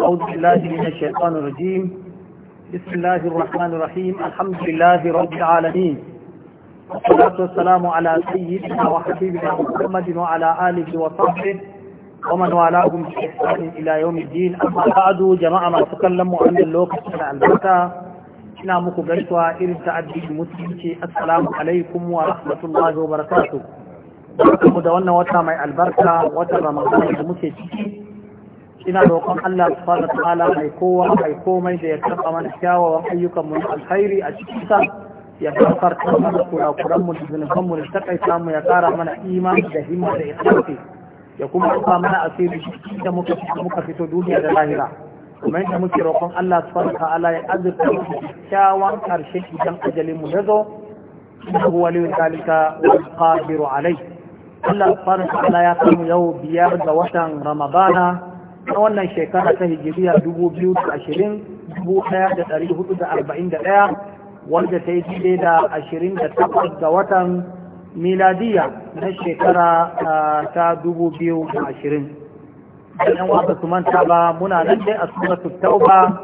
أعوذ بالله من الشيطان الرجيم بسم الله الرحمن الرحيم الحمد لله رب العالمين والصلاة والسلام على سيدنا وحبيبنا محمد وعلى آله وصحبه ومن والاهم بإحسان إلى يوم الدين أما بعد جماعة ما تكلموا عن اللوك من البركة ina muku gaisuwa irin ta السلام عليكم ورحمة الله وبركاته rahmatullahi wa البركة mu da wannan المسلمين ina roƙon Allah subhanahu ta'ala mai kowa mai komai da ya karɓa mana kyawawan ayyukan mu na alkhairi a cikin sa ya gafarta mana kurakuran mu da zunuban mu ta takaita mu ya ƙara mana imani da himma da ikhlasi ya kuma rufa mana asiri da muka muka fito duniya da lahira kuma yadda muke roƙon Allah subhanahu ta'ala ya azurta mu kyawawan karshe idan ajalin mu ya zo innahu waliyyu zalika wal qadiru alayh Allah subhanahu ta'ala ya kamu yau biyar da watan Ramadana na wannan shekara ta hijiriya 2020-1441 wanda ta yi daidai da 28 ga watan miladiya na shekara ta 2020 ɗan wasa su manta ba muna nan dai a suna suratul tauba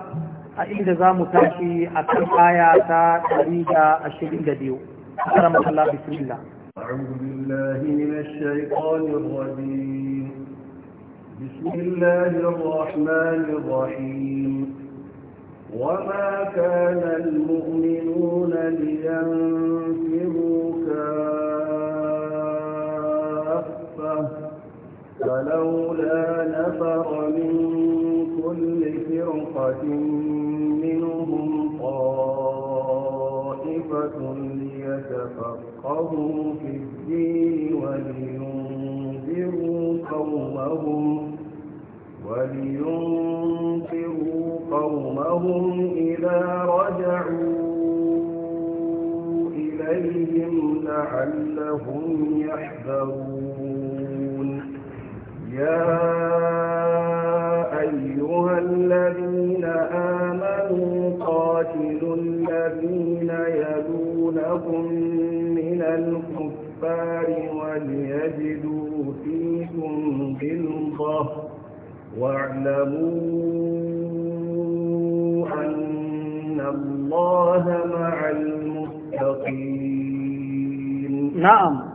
a inda za mu tashi a kan aya ta 122 a karamar Allah bismillah أعوذ بالله من الشيطان الرجيم بسم الله الرحمن الرحيم وما كان المؤمنون لينفروا كافة فلولا نفر من كل فرقة منهم طائفة ليتفقهوا في الدين ولينذروا قومهم ولينفروا قومهم إذا رجعوا إليهم لعلهم يحذرون يا أيها الذين آمنوا قاتلوا الذين يدونكم من الكفار وليجدوا فيكم غلظة واعلموا أن الله مع المتقين نعم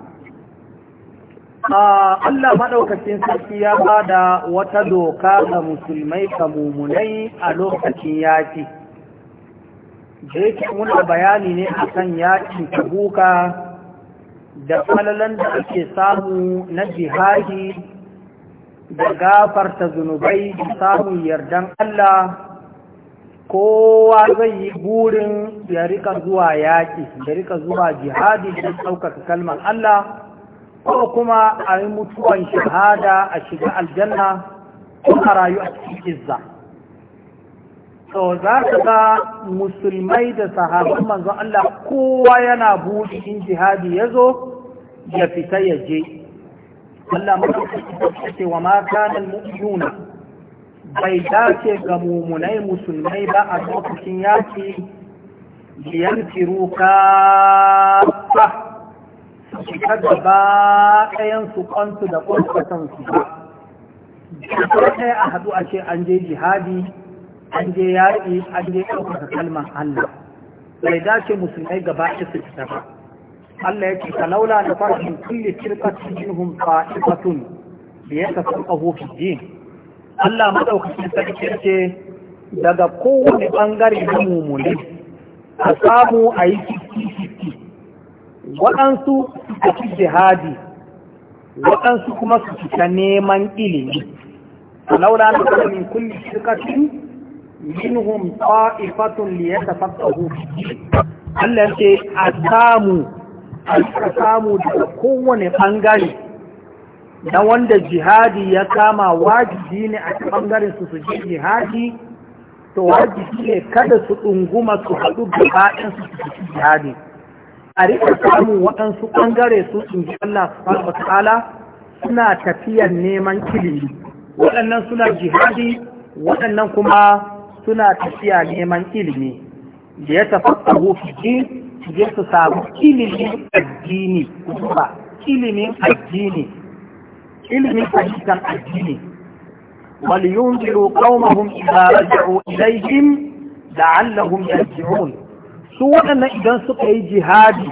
Allah maɗaukacin sarki ya bada wata doka ga musulmai ka mummunai a lokacin yaƙi. Da yake muna bayani ne a kan yaƙin buka da falalan da ake samu na jihadi da gafarta zunubai da samun yardan Allah kowa zai yi burin ya rika zuwa yaƙi da rika zuwa jihadi da ɗaukaka kalmar Allah ko kuma a yi mutuwan shahada a shiga aljanna ko a rayu a cikin izza to za ka ga musulmai da sahabban manzon Allah kowa yana buɗi in jihadi ya zo ya fita ya je Allah mutunci ce wa ma kana bai dace ga mummunai musulmai ba a lokacin yaki firu kafa su shiga gaba ɗayan su kwansu da kwanfatan su ba sai a haɗu a ce an je jihadi an je yaƙi an je ɗaukaka kalmar Allah bai dace musulmai gaba ɗaya su fita ba Allah yake laula da farkin kulli firqatin minhum fa'ifatun ka yatafaqahu fi din Allah madaukakin sarki yake daga kowane bangare na mumuni a samu a yi fifty waɗansu a fi jihadi waɗansu kuma su fita neman ilimi falaula da farashin kulli firqatin minhum fa'ifatun liyata yatafaqahu fi din Allah yake a samu aka samu daga kowane ɓangare na wanda jihadi ya kama wajibi ne a ɓangaren su su ji jihadi to wajibi ne kada su ɗunguma su haɗu gabaɗin su su ji jihadi a riƙa samu waɗansu ɓangare su in ji Allah subhanahu ta'ala suna tafiyar neman ilimi waɗannan suna jihadi waɗannan kuma suna tafiya neman ilimi da ya tafakkaru fi su je su samu ilimin addini ba ilimin addini ilimin fahimtar addini wal yunziru qaumahum idza raja'u ilayhim la'allahum yarji'un su waɗannan idan suka yi jihadi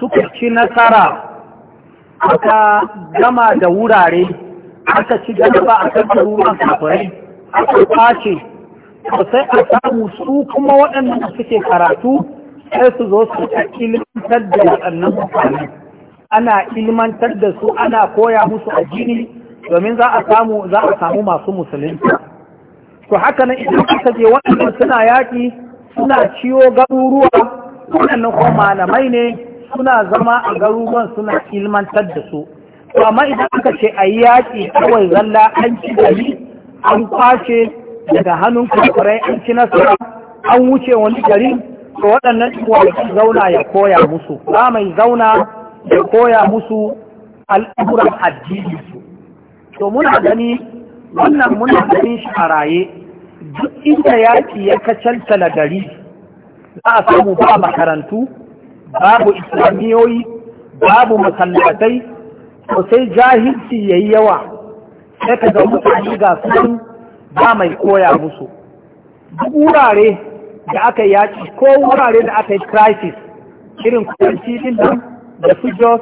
suka ci nasara aka gama da wurare aka ci gaba a kan ruwan kafirai aka kwace to sai a samu su kuma waɗannan suke karatu sai su zo su ilmantar da waɗannan mutane ana ilmantar da su ana koya musu a jini domin za a samu samu masu musulunci to haka nan idan aka je waɗannan suna yaƙi suna ciwo garuruwa waɗannan kuma malamai ne suna zama a garuruwan suna ilmantar da su to amma idan aka ce a yaƙi kawai zalla an ci gari an kwashe daga hannun kwakwarai an ci nasara an wuce wani gari to waɗannan kwanaki zauna ya koya musu ba mai zauna ya koya musu al'amuran addini su to muna gani wannan muna gani shi a raye duk inda yaki ya kacaltala gari za a samu ba makarantu babu islamiyoyi babu masallatai to sai jahilci ya yi yawa sai ka ga mutane ga su ba mai koya musu duk wurare da aka yaƙi ko wurare da aka yi crisis irin kwanci din nan da su jos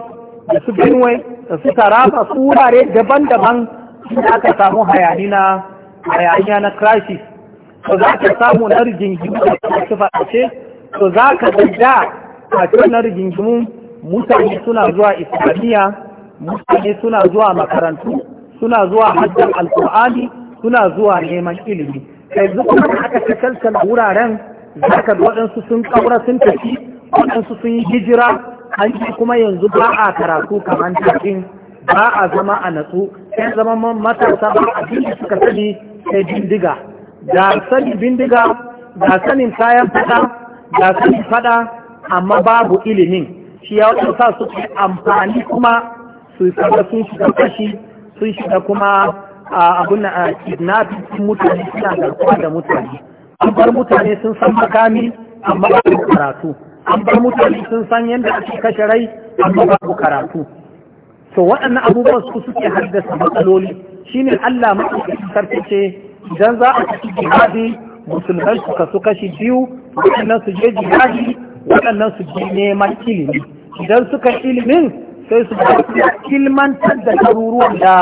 da su benue da su tarafa su wurare daban-daban da aka samu hayani na hayaniya na crisis to za ka samu na rigingimu da kuma su faɗace to za ka da a cikin na rigingimu mutane suna zuwa islamiyya mutane suna zuwa makarantu suna zuwa hajjar alkur'ani suna zuwa neman ilimi yanzu kuma aka fi wuraren zaka waɗansu sun ƙaura sun tafi waɗansu sun yi hijira an ci kuma yanzu ba a karatu kamar tafin ba a zama a natsu sai zama matasa ba a da suka sani sai bindiga da sani bindiga da sanin kayan fada da sanin fada amma babu ilimin shi ya sa su amfani kuma su kaga sun shiga kashi sun shiga kuma abun na kidnapping mutane suna garkuwa da mutane an bar mutane sun san makami amma ba karatu an bar mutane sun san yadda ake kashe rai amma babu karatu to waɗannan abubuwan su suke haddasa matsaloli shine Allah maɗaukakin sarki ce idan za a ci jihadi musulmai su kashe biyu waɗannan su je jihadi waɗannan su je neman ilimi idan suka ilimin sai su ilmantar da garuruwan da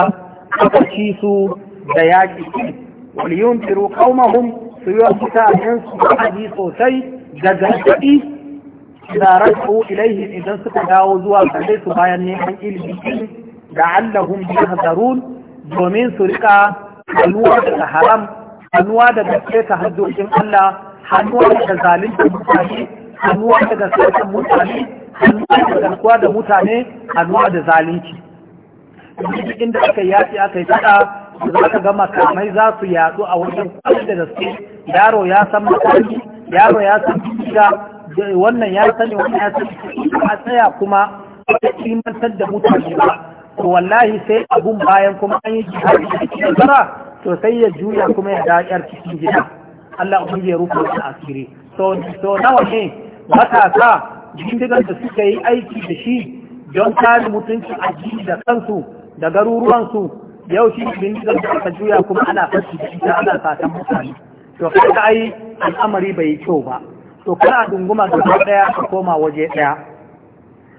aka ci su da yaƙi ولينذروا قومهم su yi wa mutanen su wa'adi sosai da gargaɗi da rasu ilaihim idan suka dawo zuwa gare su bayan neman ilimi da allahum yahzarun domin su rika hannuwa daga haram hannuwa daga keta haddocin Allah hannuwa daga zalunci mutane hannuwa daga sauran mutane hannuwa daga garkuwa da mutane hannuwa da zalunci inda aka yi yaƙi aka yi fada da aka ga makamai za su yadu a wajen kwallo da gaske yaro ya san makami yaro ya san shiga wannan ya sani wani ya sani a tsaya kuma wata kimantar da mutane ba to wallahi sai abun bayan kuma an yi jihar da cikin gara, to sai ya juya kuma ya da'yar cikin gida Allah ubangiji ya rufe wani asiri so nawa ne matasa bindigan da suke yi aiki da shi don kare mutuncin addini da kansu da garuruwansu yau shi bindigar da aka juya kuma ana fashi da ita ana satan mutane to kaga ai al'amari bai kyau ba to kana dunguma gaba daya ka koma waje daya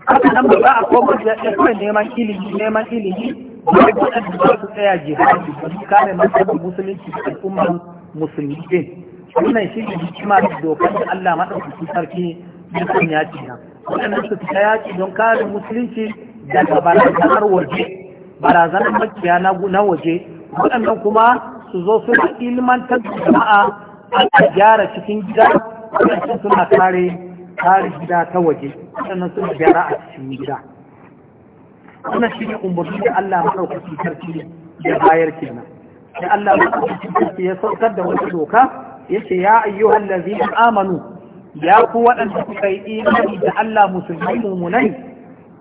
haka nan ba a koma da daya neman ilimi neman ilimi ba da za su tsaya jihadi don kare matsalar musulunci da al'ummar musulmi din wannan shi ne hikima da dokar da Allah madaukaki sarki ya sanya ci nan waɗannan su fita yaki don kare musulunci da daga barazanar waje barazanar makiya na waje waɗannan kuma su zo suna ilmantar da jama'a a gyara cikin gida waɗannan suna kare kare gida ta waje waɗannan suna gyara a cikin gida wannan shi ne umarni da Allah maɗaukaki sarki ya bayar kenan Da Allah maɗaukaki sarki ya saukar da wata doka yace ya ayyuhal ladzina amanu ya ku waɗanda suka yi imani da Allah musulmai mumunai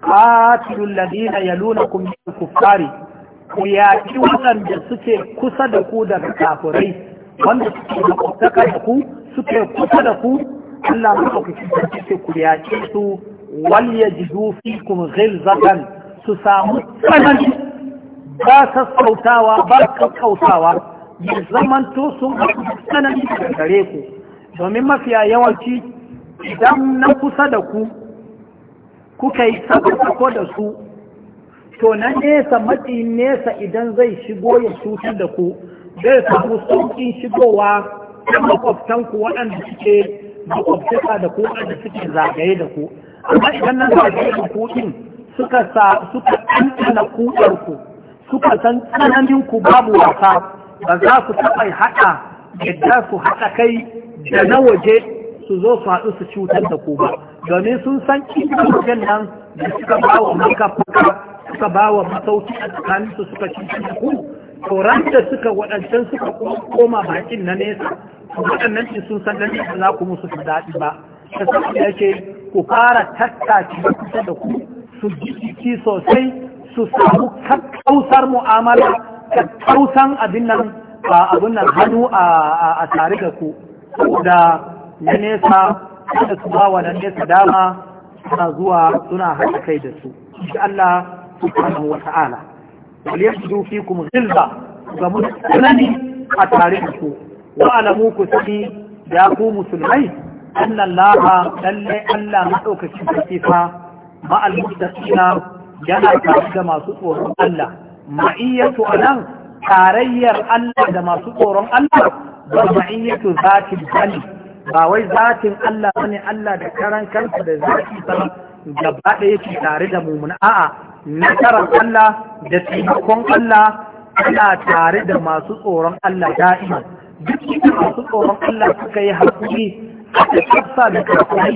qatilul ya yalunakum bil kuffari ku yaki waɗanda suke kusa da ku daga kafirai wanda suke makwabtaka da ku suke kusa da ku Allah maɗaukaki da suke ku yaki su wal yajidu fikum ghilzatan su samu tsanani ba sassautawa ba kakkautawa ya zamanto sun tsanani da gare ku domin mafiya yawanci idan na kusa da ku kuka yi ko da su to na nesa matsi nesa idan zai shigo ya cutar da ku zai samu sauƙin shigowa ta makwabtanku waɗanda suke makwabtaka da ku waɗanda suke zagaye da ku amma idan nan zai da ku suka sa suka ɗanɗana kuɗarku suka san tsananin ku babu wasa ba za su taɓa haɗa yadda su haɗa kai da na waje su zo faɗi su cutar da ku ba domin sun san cikin nan da suka ba wa fuka suka ba wa masauki a tsakaninsu suka cikin da ku to da suka waɗancan suka koma bakin na nesa waɗannan in sun san ganin ba za ku musu su daɗi ba ta da yake ku fara da kusa da ku su ji jiki sosai su samu kakkausar mu'amala kakkausan abin nan abin nan hannu a tare da ku da. na nesa da su ba wa na nesa dama suna zuwa suna haɗa kai da su Shi Allah subhanahu wa ta'ala wal yasdu fikum ghilza ga mutane a tare da ku wa alamu ku sani ya ku musulmai anna laha, lalle Allah madaukakin sarki fa ma al muttaqina yana tare da masu tsoron Allah ma'iyatu anan tarayyar Allah da masu tsoron Allah ba ma'iyyatu zatil bani ba wai zatin Allah bane Allah da karan kansa da zaki ba gaba da yake tare da mumuna a'a nasarar Allah da taimakon Allah ana tare da masu tsoron Allah da'ima duk da masu tsoron Allah suka yi haƙuri aka tafsa da kafai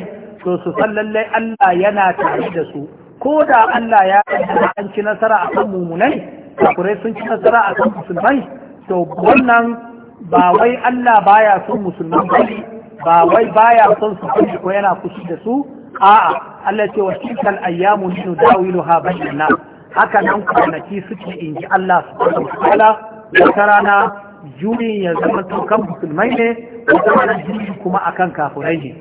to su san lallai Allah yana tare da su ko da Allah ya an ci nasara a kan mumunai kafirai sun ci nasara a kan musulmai to wannan ba wai Allah baya son musulmai bane ba wai baya son su kunshi ko yana kushi da su a'a Allah ce wa tilkal ayyamu ninu dawiluha bainan nas haka nan kwanaki suke inji Allah subhanahu wa ta'ala wata rana juyin ya zama kan musulmai ne wata rana juyin kuma akan kafurai ne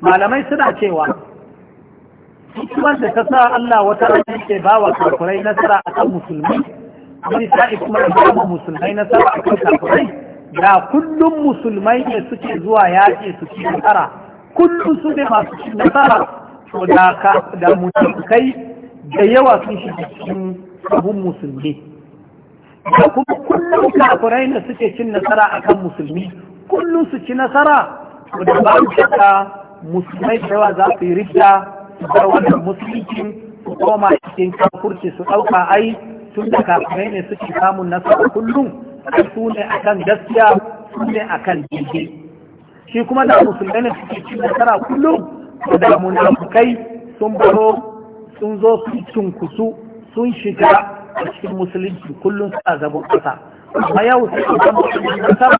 malamai suna cewa hikimar da ta sa Allah wata rana ke ba wa kafurai nasara akan musulmai wani sa'i kuma da ba musulmai nasara akan kafurai da kullum musulmai ne suke zuwa yaƙi su ci nasara kullum su ne masu ci nasara to da ka da da yawa sun shiga cikin abun musulmi da kuma kullum kafirai ne suke cin nasara akan musulmi kullum su ci nasara to da ba su shaka musulmai da yawa za su yi rifta su bar wannan musulmi su koma cikin kafurci su ɗauka ai tun da kafirai ne suke samun nasara kullum su ne akan gaskiya su ne kan jirgin shi kuma da musulmai ne suke cin nasara kullum da munafukai sun baro sun zo sun cunkusu sun shiga a cikin musulunci kullum suna zabon ƙasa amma yau sai a samu nasara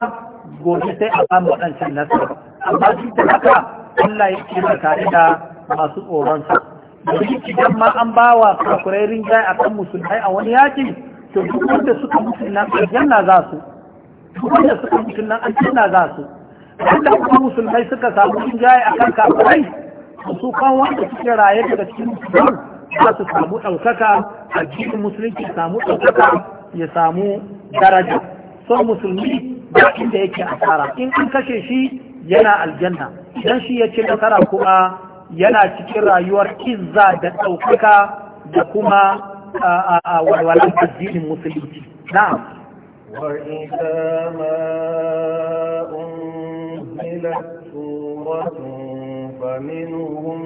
gobe sai a samu waɗancan nasara amma shi da haka Allah ya ce maka da masu tsoronsa. Domin idan ma an ba wa kakurarin jai a musulmai a wani yakin to duk wanda suka mutu nan aljanna za su duk wanda suka mutu nan aljanna za su wanda kuma musulmai suka samu sun jaye a kan kafirai su kan wanda suke raye daga cikin musulman za su samu ɗaukaka a cikin musulunci samu ɗaukaka ya samu daraja son musulmi ba inda yake asara in an kashe shi yana aljanna dan shi ya ci nasara kuma yana cikin rayuwar izza da ɗaukaka da kuma walwalan addinin musulunci na'am wa idza ma unzilat suratun faminhum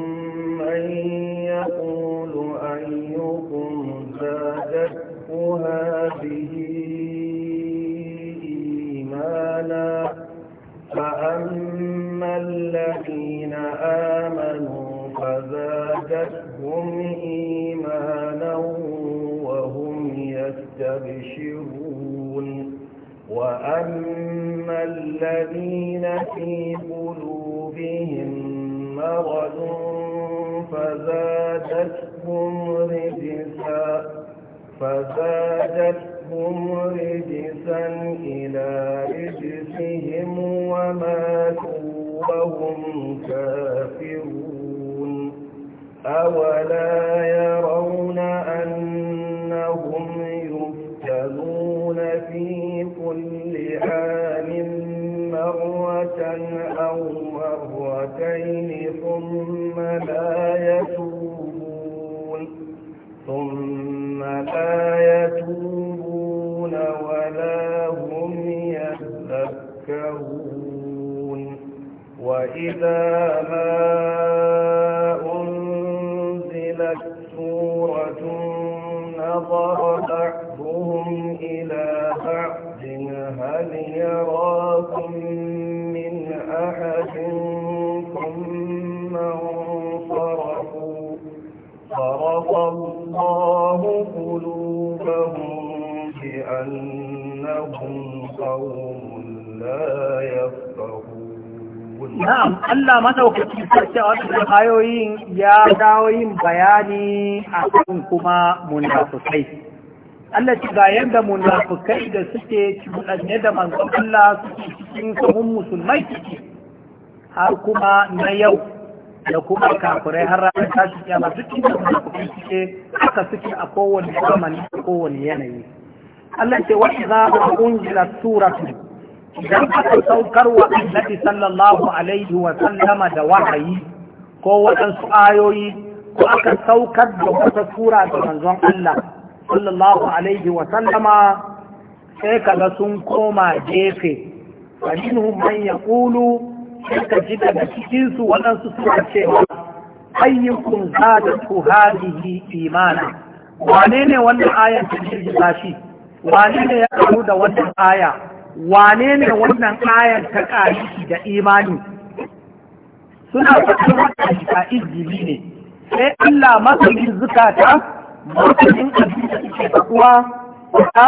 حكيم ayoyin ya dawo yin bayani a kan kuma munafukai Allah ci ga yadda munafukai da suke cikin da manzon Allah suke cikin sahun musulmai har kuma na yau da kuma kafirai har ranar tashi masu duk inda munafukai suke haka suke a kowane zamani a kowane yanayi Allah ce wani za a unjila suratun idan aka saukar wa annabi sallallahu alaihi wa sallama da wahayi ko waɗansu ayoyi ko aka saukar da wata sura da manzon Allah sallallahu alaihi wa sallama sai kaga sun koma gefe wa minhum man yaqulu sai ka ji daga cikin su waɗansu suna cewa ayyukum zadatu hadhihi imana wane ne wannan ayan ta girgiza shi wane ne ya karu da wannan aya wane ne wannan ayan ta ƙari da imani suna faɗin wannan a izini ne sai Allah masanin zukata masanin abin da suke kuwa ta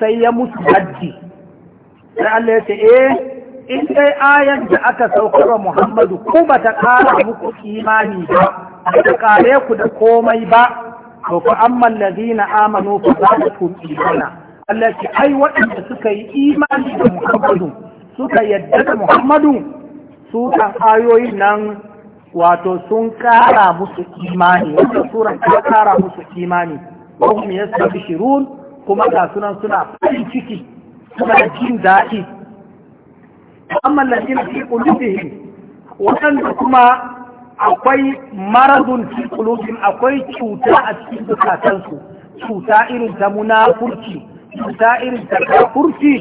sai ya musu haddi sai Allah ya ce eh in dai ayan da aka saukar wa Muhammadu ko ba ta kara muku imani ba ba ta kare ku da komai ba to fa amman ladina amanu fa zadatuhum imana Allah ya ce ai waɗanda suka yi imani da Muhammadu suka yadda da Muhammadu su kan ayoyin nan wato sun kara musu imani wanda suran ta kara musu imani wahum yastabshirun kuma ga sunan suna farin ciki da jin daɗi amma ladina fi qulubihim Waɗanda kuma akwai maradun fi qulubihim akwai cuta a cikin zukatansu cuta irin ta munafurci cuta irin ta kafurci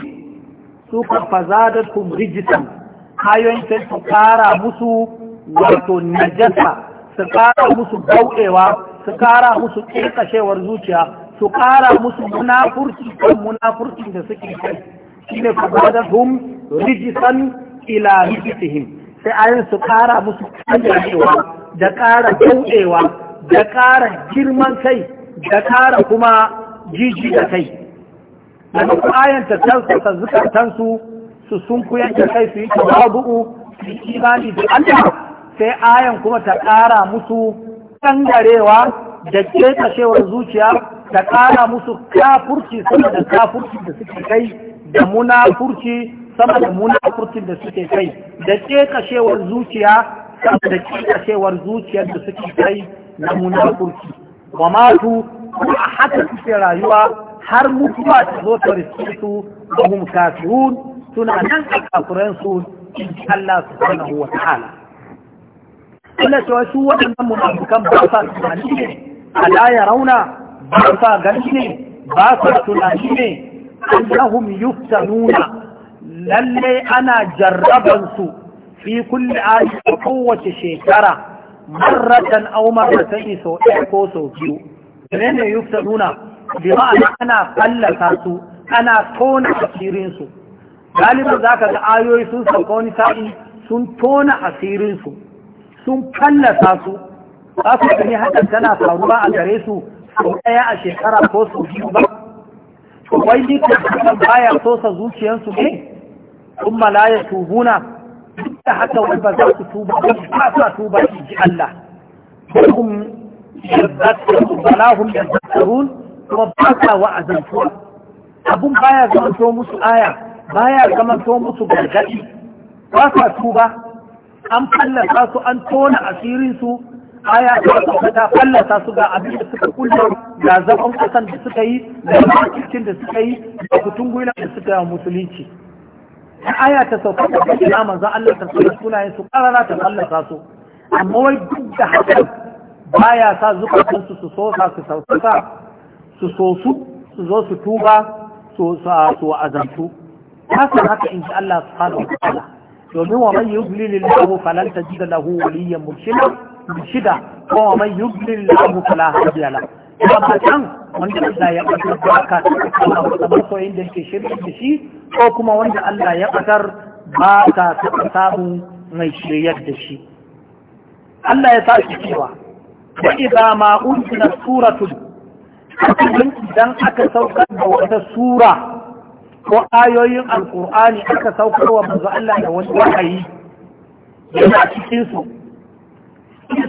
su kan kum rijtan kayoyin sai su kara musu wato najasa su kara musu gauɗewa su kara musu ƙirƙashewar zuciya su kara musu munafurci kan munafurci da suke kai shine hum rijisan ila rijisihim sai ayin su kara musu ƙirƙashewa da kara gauɗewa da kara girman kai da kara kuma jiji kai da ayan ayanta kansu ta zukatansu su sun ku da kai su yi tawadu'u su yi imani da Allah sai ayan kuma ta ƙara musu ƙangarewa da kekashewar zuciya ta ƙara musu kafurci sama da kafurci da suke kai da munafurci sama da munafurcin da suke kai da kekashewar zuciya sama da kekashewar zuciyar da suke kai na munafurci wa matu a haka suke rayuwa har mutuwa ta zo ta riske su da kafirun suna nan a kafiran su Allah subhanahu wa ta'ala Allah cewa su waɗannan munafikan ba sa tunani ne ala ya rauna ba sa gani ne ba sa tunani ne annahum yuftanuna lalle ana jarraban su fi kulli ayi kowace shekara marratan aw marratayn sau ɗaya ko sau biyu menene yuftanuna bi ma'ana ana fallasa su ana tona asirin su galibin za ka ga ayoyi sun sauka wani sa'i sun tona asirinsu sun kallasa su za su tuni hakan tana faruwa a gare su sau ɗaya a shekara ko su biyu ba wai dukkan baya sosa zuciyarsu ne sun malaya tubuna duk da haka wai ba za su tuba ba su tuba su ji Allah hukum balahum yazzarun kuma ba sa wa'azantuwa abun baya zama musu aya baya so musu gargaɗi ba sa tuba an fallasa su an tona asirinsu aya ta ta fallasa su ga abin da suka kulle ga zaɓen kasan da suka yi da makicin da suka yi da kutun gwila da suka yi musulunci aya ta sauka da ta kira za Allah ta sauka sunayen su karara ta fallasa su amma wai duk da hakan baya sa zukatansu su sosa su sauka su so su zo su tuba su azantu haka haka in ji Allah su subhanahu wa ta'ala domin wa mai yi man yudlil lahu falan tajid lahu waliyan murshida mushida, ko wa mai yi man yudlil lahu fala hadiya la ba can wanda Allah ya kasar da aka kamar ko inda yake shirki da shi ko kuma wanda Allah ya kasar ba ka taɓa samu mai shiryar da shi Allah ya sa shi cewa wa idza ma unzila suratun idan aka saukar da wata sura ko ayoyin alkur'ani aka saukarwa manzo Allah da wani wahayi yana cikin su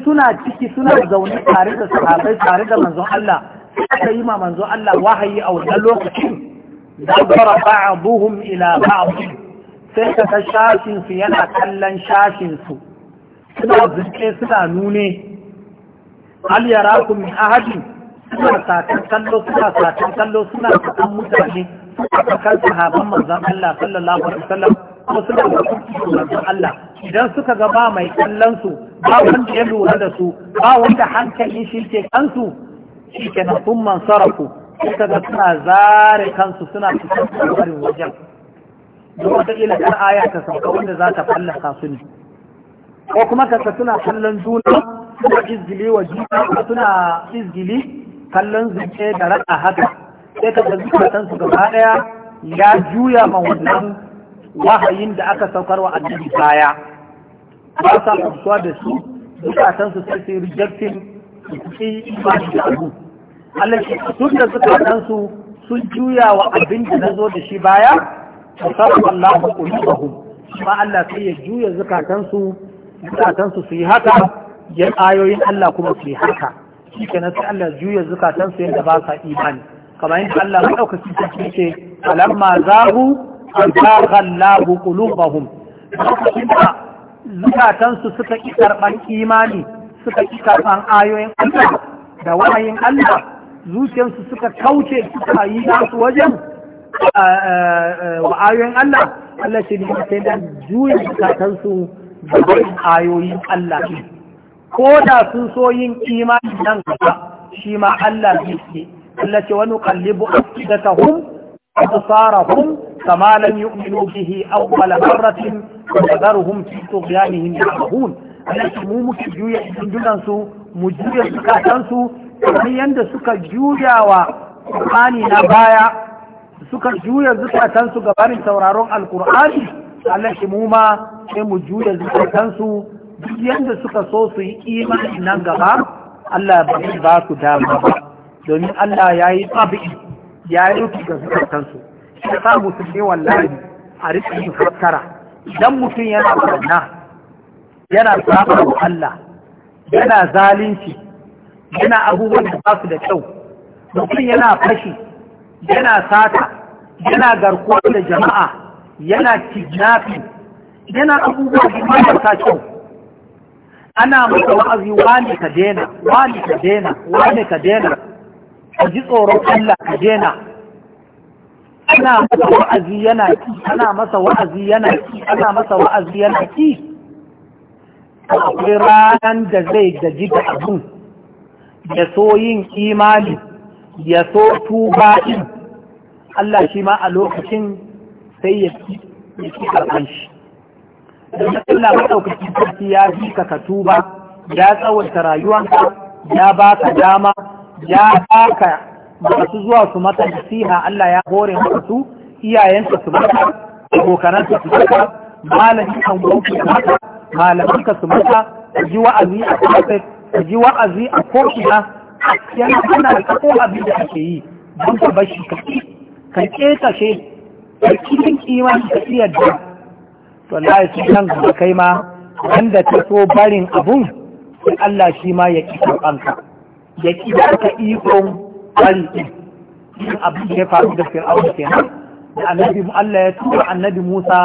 suna ciki suna zaune tare da sahabbai tare da manzo Allah aka yi ma manzo Allah wahayi a wannan lokacin dabara ba'dhum ila ba'd sai ka ga shashin su yana kallon shashin su suna zuke suna nune hal yarakum min ahadin suna satan kallo suna satan kallo suna satan mutane kan sahaban manzon Allah sallallahu alaihi wasallam kuma suna da kuma manzon Allah idan suka ga ba mai kallon su ba wanda ya lura da su ba wanda hankalin shi ke kansu shi ke na sun sarrafu, suka ga suna zare kansu suna fitar da warin wajen duk wata ila ɗan aya ta sauka wanda za ta fallasa su ne ko kuma kasa suna kallon juna suna izgili wa juna suna izgili kallon zuke da raɗa haka sai ka ga zukatan su gaba daya ya juya ma wannan wahayin da aka saukar wa annabi baya ba sa kusuwa da su zukatan su sai su rejecting su yi imani da abu Allah sun da zukatan su sun juya wa abin da na zo da shi baya fasarwa Allah ku hu ba Allah sai ya juya zukatansu zukatansu su yi haka yan ayoyin Allah kuma su yi haka shi kenan sai Allah juya zukatansu yadda ba sa imani kamar yadda Allah maɗaukaki sarki ce alamma zahu azagha Allahu qulubahum lokacin da zukatansu suka ki karban imani suka ki karban ayoyin Allah da wahayin Allah zuciyarsu suka kauce suka yi nasu wajen wa ayoyin Allah Allah ce ne sai da juyin zukatansu da ayoyin Allah ko da sun so yin imani nan gaba shi ma Allah zai التي ونقلب أفئدتهم أبصارهم كما لم يؤمنوا به أول مرة ونذرهم في طغيانهم يعمهون التي مو مكجوية جنسو مجوية سكاتنسو kamar yadda suka juya wa ƙur'ani na baya suka juya zukatansu gabanin sauraron alƙur'ani Allah shi mu sai mu juya zukatansu duk yadda suka so su yi imani nan gaba Allah ba su dama ba domin Allah ya yi tsabi'i ya yi rufi ga zukatansu shi sa musulmi wallahi a rikin fattara idan mutum yana barna yana saba wa Allah yana zalunci yana abubuwan da ba su da kyau mutum yana fashi yana sata yana garkuwa da jama'a yana kidnapping yana abubuwa da marasa kyau ana masa wa'azi wani ka dena wani ka dena wani ka dena ka ji tsoron Allah ka daina ana masa wa'azi yana ki ana masa wa'azi yana ki ana masa wa'azi yana ki akwai ranar da zai gaji da abun ya so yin imani ya so tuba in Allah shi ma a lokacin sai ya ki ya ki karɓan shi da Allah maɗaukacin ya bi ka ka tuba ya tsawaita rayuwanka ya baka dama ya baka masu zuwa su mata nasiha Allah ya hore masu iyayensa su mata abokananka su mata malamin kan gwamnati da mata ka su mata ka ji wa'azi a kafet ka ji wa'azi a ko'ina yana suna da kafo abin da ake yi don ka bashi ka ka ƙetashe ka cikin imani ka iya da to Allah ya san ga kai ma wanda ta so barin abun sai Allah shi ma ya ƙi karɓanka. Yaki ki aka ikon bari din yin abin da ya faru da fir'auna kenan da annabi Allah ya tura annabi Musa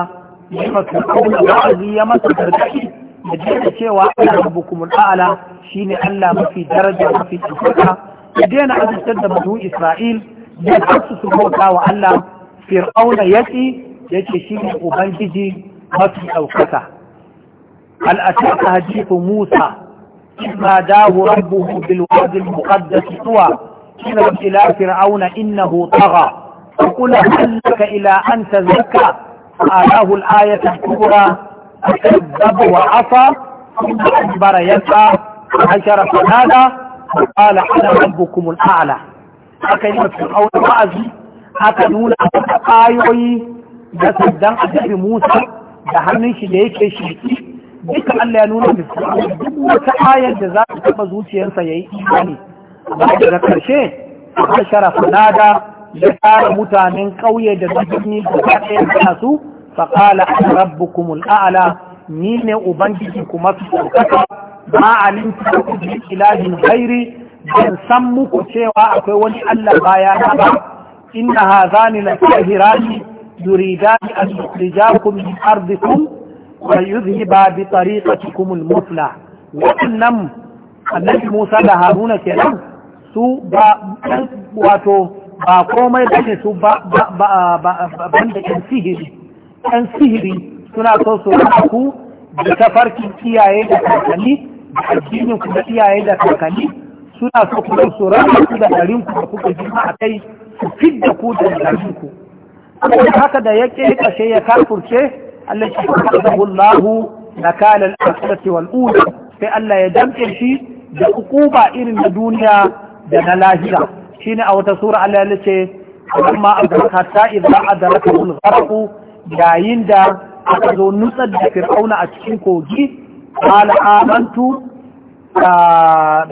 ya ma fir'auna wa'azi ya masa gargaɗi da daina cewa Allah rabbukumul a'la shine Allah mafi daraja mafi ɗaukaka ya daina azabtar da banu Isra'il ya kasu su bauta wa Allah fir'auna yaki yace shine ubangiji mafi ɗaukaka al'ataka hadithu Musa ناداه ربه بالواد المقدس طوى إلى إلى فرعون إنه طغى فقل هل لك إلى أن تزكى فأراه الآية الكبرى فكذب وعصى ثم أدبر يسعى عشر فنادى فقال أنا ربكم الأعلى فكلمة فرعون وعزي aka nuna masa ƙayoyi da sandan annabi Musa da hannun shi da yake shirki duka Allah ya nuna musu duk wata ayar da za ta taba zuciyarsa yayi imani amma daga karshe ta sharafa nada da tara mutanen ƙauye da birni da ta ɗaya su faƙala ana rabbukumul a'ala ni ne ubangiji kuma su ɗaukaka ma alimtu ta kuji ilahin hairi, ban san muku cewa akwai wani Allah baya na ba inna hazani la tahirani yuridani an yukhrijakum min ardikum wa bi tariqatikum wannan annabi Musa da Haruna kenan su ba wato ba komai bane su ba banda yan sihiri sihiri suna so su ku da tafarkin iyaye da kakanni da addinin da iyaye da kakanni suna so ku su rana ku da garin ku da kuka jima a kai su fidda ku da garin ku haka da ya kashe ya kafurce التي خلقه الله مكان الآخرة والأولى في ألا يدمع شيء بأقوبة إلى الدنيا دنا لاهرة شين أو تسورة ألا التي فلما أدرك حتى إذا أدركه الغرق جاين دا أخذوا نسد فرعون أتشين كوجي قال آمنت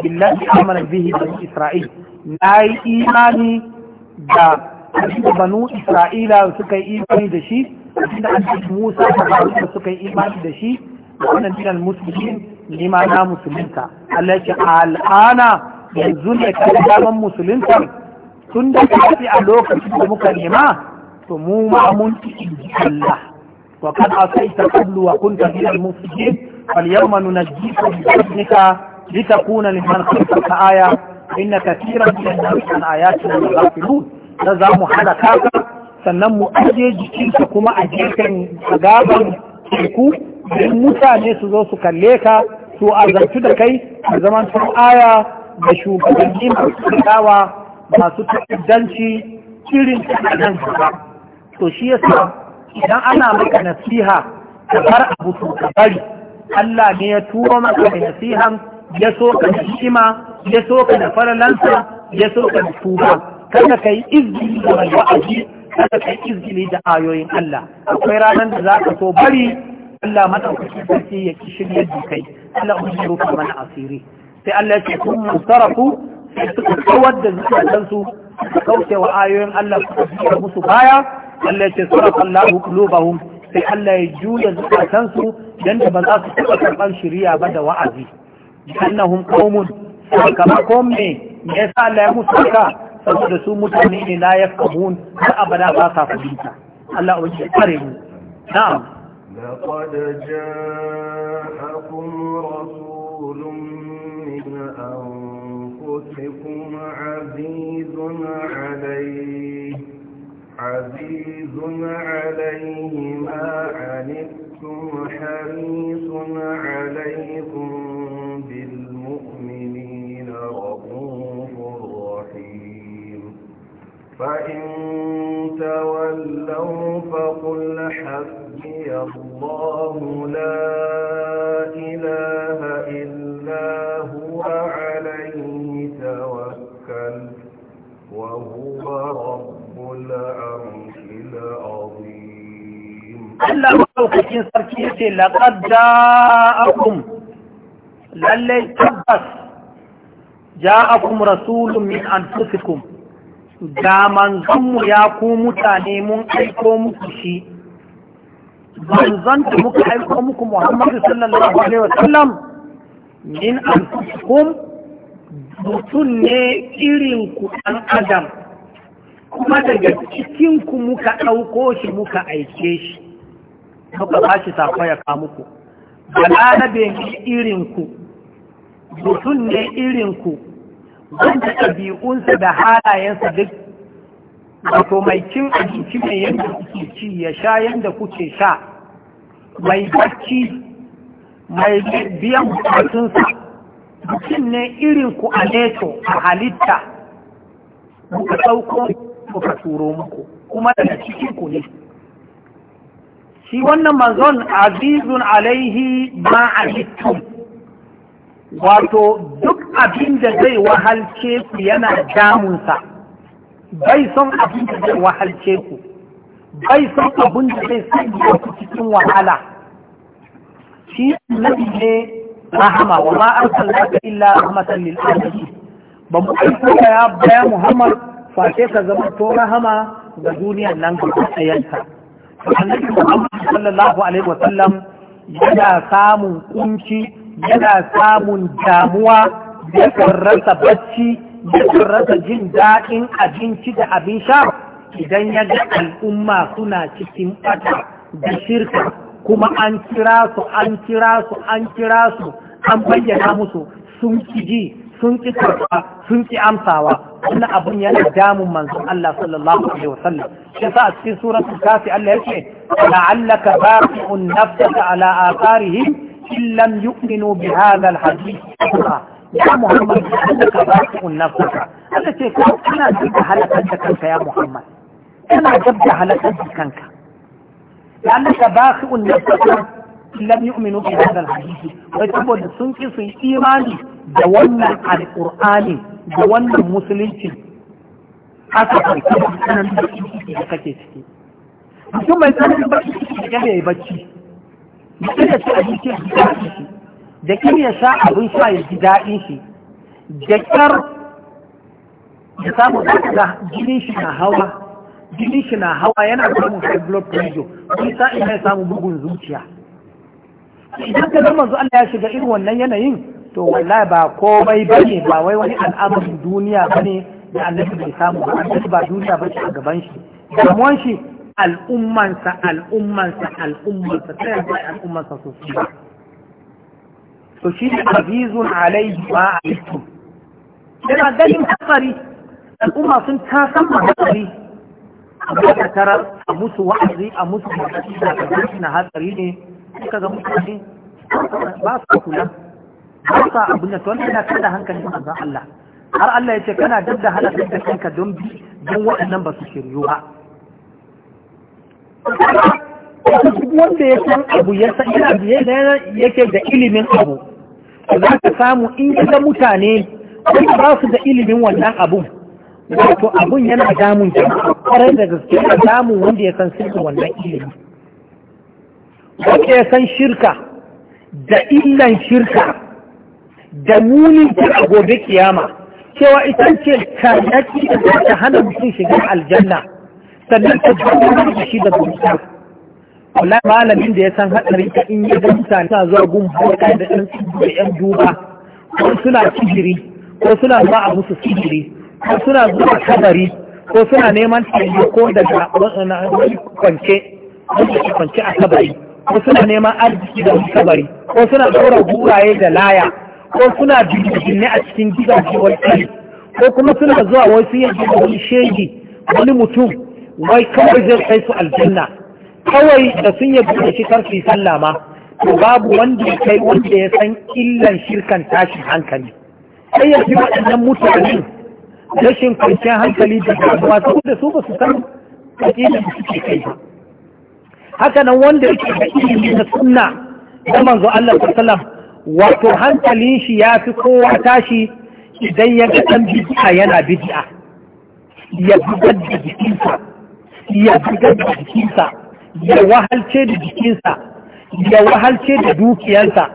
بالله آمن به بني إسرائيل ناي إيماني دا بنو إسرائيل سكي إيماني دا شيء da an Musa da Haruna suka yi imani da shi wannan dinan musulmin ni ma na musulunta Allah ya al'ana yanzu ne ka daman musulunta tun da kafi a lokacin da muka nema to mu ma mun ci Allah wa kad asaita qablu wa kunta min al-mufsidin fal yawma nunajjika bi ibnika litakuna liman khalqaka aya inna kathiran min an-nasi an ayatina da za mu halaka sannan mu aje jikinka kuma a a gaban teku don mutane su zo su kalle ka su azantu da kai a zaman sun aya da shugabanni masu dawa masu ta'addanci irin nan gaba to shi yasa idan ana maka nasiha ka bar abu to ka bari Allah ne ya turo maka da nasihan ya so ka da hikima ya so ka da faralansa ya so ka da tuba kada ka yi izini da wa'azi kada kai izgili da ayoyin Allah akwai ranar da za ka so bari Allah madaukaki sarki ya ki shirya jikai kai Allah ujiru ka mana asiri sai Allah ya ce kun musarafu sai suka kawar da zuciyar su suka kauce wa ayoyin Allah suka biyar musu baya Allah ya ce sarafa Allah qulubahum sai Allah ya juya zuciyar su dan da ba za su taɓa karɓar shiriya ba da wa'azi annahum qaumun sakamakon me me yasa Allah ya musu haka saboda su mutane ne la kabun har abada ba sa fahimta Allah ya kare mu na'am laqad ja'akum rasulun min anfusikum 'azizun 'alayhi 'azizun 'alayhi ma 'anittum harisun 'alaykum فإن تولوا فقل حبي الله لا إله إلا هو عليه توكل وهو رب العرش العظيم ألا وقتين سركيتي لقد جاءكم للي تبس جاءكم رسول من أنفسكم da ya ku mutane mun aiko muku shi manzon da muka aiko muku Muhammadu sallallahu alaihi wasallam min anfusikum mutum ne irin ku ɗan adam kuma daga cikinku muka ɗauko shi muka aike shi muka ba shi safa ya kamuku balarabe ne irin ku mutum ne irin da ɗabi'unsa da halayensa duk wato mai cin abinci mai yadda kuke ci ya sha yadda kuke sha mai bacci mai biyan bukatunsa mutum ne irin ku a neto a halitta muka sauko muka turo muku kuma daga cikin ku ne shi wannan manzon azizun alaihi ma a wato duk abin da zai wahalce ku yana damunsa bai son abin da zai wahalce ku bai son abin da zai sanya ku cikin wahala shi nabi ne rahama wa ma arsalnaka illa rahmatan lil alamin ba mu aiko ka ya baya muhammad face ka zama to rahama ga duniyar nan gaba ɗayanta annabi muhammad sallallahu alaihi wa sallam yana samun kunci yana samun damuwa ya rasa bacci ya rasa jin daɗin abinci da abin sha idan ya ga al'umma suna cikin ɓata da shirka kuma an kira su an kira su an kira su an bayyana musu sun ki ji sun ki karɓa sun ki amsawa wannan abun yana damun manzon Allah sallallahu alaihi sallam. shi sa a cikin suratul kafi Allah yake la'allaka baqi'un nafsaka ala atharihim in lam yu'minu bi hadha al-hadith ya Muhammad ka ba su nafsa ce ko kana da halakar da kanka ya Muhammad kana da halakar da kanka لأنك باخئ نفسك لم يؤمنوا بهذا الحديث ويتبوا سنك في إيماني دولنا على القرآن دولنا المسلمين haka farko da sanan da kake ciki mutum mai sanin bacci ya yi bacci da su ci abinci su daɗi daɗin shi da kin ya sa abin sha ya ji daɗin shi da kyar ya samu da jini shi na hawa jini shi na hawa yana samun high blood pressure wani sa'in ya samu bugun zuciya idan ka zama zuwa Allah ya shiga irin wannan yanayin to wallahi ba komai ne, ba wai wani al'amarin duniya ba ne, da annabi bai samu ba annabi ba duniya ba shi a gaban shi damuwan shi al'ummansa al'ummansa al'ummansa ta yadda al'ummansa su su to shi ne azizun alaihi ma alaikum yana ganin hatsari al'umma sun ta san hatsari amma da a musu wa'azi a musu wa'azi da ga na hatsari ne suka ga mutane ba su kula ba su abin da tuwanta yana kada hankalin manzon Allah har Allah ya ce kana duk da halatta kanka don bi don waɗannan ba su shiryu ba wanda ya san abu ya san yana yake da ilimin abu za ka samu in ga mutane wanda ba su da ilimin wannan abun wato abun yana damun jama'a kwarai da gaske a damun wanda ya san sirrin wannan ilimi wanda ya san shirka da illan shirka da munin ta gobe kiyama cewa ita ce kayaki da ta hana mutum shiga aljanna sannan ta tabbatar da shi da zuciya wallahi malamin da ya san hadarin ta in ya gamsa na zuwa gun halka da ɗan da ƴan duba ko suna sihiri ko suna zuwa a musu sihiri ko suna zuwa kabari ko suna neman taimako daga kwance kwance a kabari ko suna neman arziki da kabari ko suna ɗaura guraye da laya ko suna binne a cikin gidaje wani ko kuma suna zuwa wasu yanki da wani shegi wani mutum wai kawai zai kai su aljanna kawai da sun yabu da shi karfi sallah ma to babu wanda ya kai wanda ya san illan shirkan tashin hankali sai ya fi waɗannan mutanen rashin kwanciyar hankali da damuwa saboda su ba su san aƙida da suke kai ba haka nan wanda yake da ilimi na sunna da manzo Allah sallam wato hankalin shi ya fi kowa tashi idan ya ga ɗan bid'a yana bid'a ya bugar da jikinsa ya bugar da jikinsa ya wahalce da jikinsa ya wahalce da dukiyarsa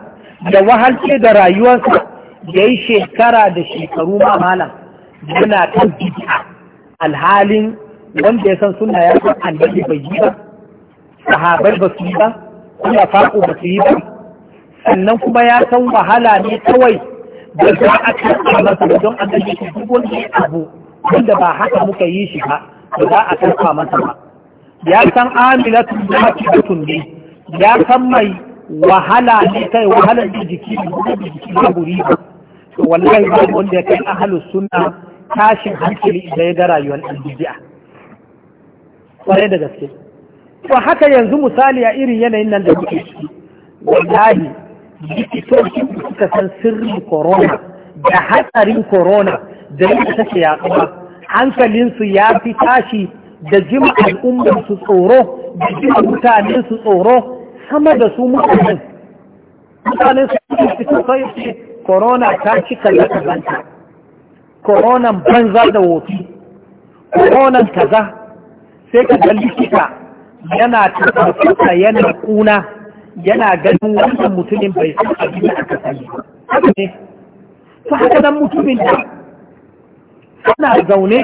ya wahalce da rayuwarsa ya yi shekara da shekaru ma mamala yana ta bid'a alhalin wanda ya san suna ya san annabi bai yi ba sahabar ba su yi ba kuma faɗo ba su yi ba sannan kuma ya san wahala ne kawai da za a kan masa don annabi duk wani abu wanda ba haka muka yi shi ba ba za a karfa ba ya san amilatun da mutum ne ya san mai wahala ne kai wahalar da jiki da jiki da guri ba to wallahi ba wanda ya kai ahlus sunna tashin hankali idan ya ga rayuwar albidi'a kwarai da gaske to haka yanzu misali a irin yanayin nan da muke ciki wallahi likitocin da suka san sirrin corona da hatsarin corona da yadda take yaduwa hankalinsu ya fi tashi da jima al'ummarsu tsoro da jima mutanensu tsoro sama da su mutanen mutanen su fito sai ce corona ta ci kaza kazanta corona banza da wofi coronan kaza sai ka ga likita yana tafarkuta yana kuna yana ganin wannan mutumin bai san abin da aka sani ba haka ne haka nan mutumin da suna zaune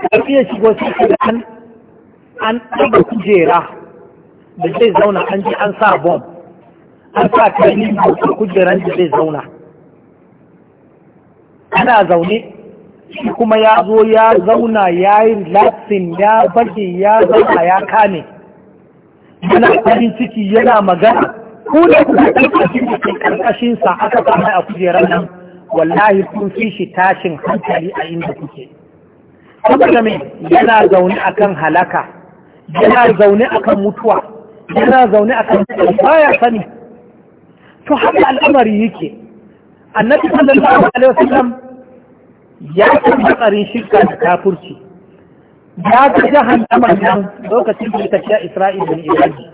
ka iya shigo da an an ɗaga kujera da zai zauna an ji an sa bom an sa kalli da kujeran da zai zauna ana zaune shi kuma ya zo ya zauna ya yi ya bage ya zauna ya kame yana farin ciki yana magana ko da kuma ƙarƙashin sa aka kama a kujerar nan wallahi sun fi shi tashin hankali a inda kuke saboda me yana zaune akan halaka yana zaune akan mutuwa yana zaune akan baya sani to haka al'amari yake annabi sallallahu alaihi wasallam ya san matsarin shirka da kafurci ya ga jahannama nan lokacin da ta sha Isra'il bin Ibrahim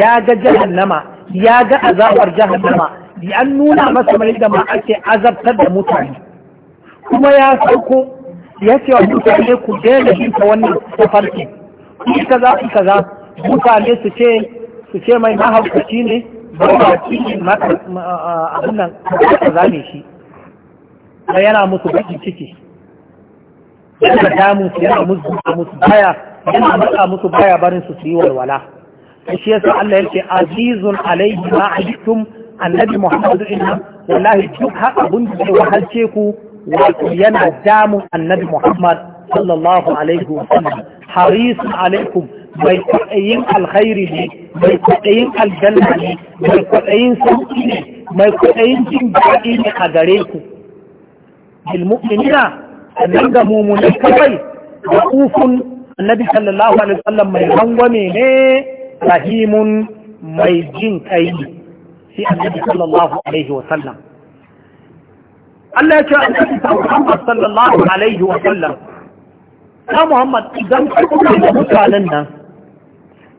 ya ga jahannama ya ga azabar jahannama an nuna masa mai da ma ake azabtar da mutane kuma ya sauko ya ce wa mutane ku daina bin ta wannan tafarki kuma kaza ka kaza mutane su ce su ce mai mahaukaci ne ba ba cikin abin nan kaza ne shi ba yana musu baki ciki yana damun su yana musu musu baya yana matsa musu baya barin su su yi walwala shi yasa Allah yake azizun alaihi ma annabi muhammadu Inna wallahi duk haka abin da zai wahalce ku wato yana damun annabi muhammad sallallahu alaihi wa sallam harisun alaikum mai kwaɗayin alkhairi ne mai kwaɗayin aljanna ne mai kwaɗayin sauƙi ne mai kwaɗayin jin daɗi ne a gare ku bilmu'minina sannan ga mummunan kawai da ufun annabi sallallahu alaihi wa sallam mai hangwame ne rahimun mai jin kai ne sai annabi sallallahu alaihi wa sallam Allah ya ce annabi Muhammad sallallahu alaihi wa sallam ya Muhammad idan ka kuma da mutanen nan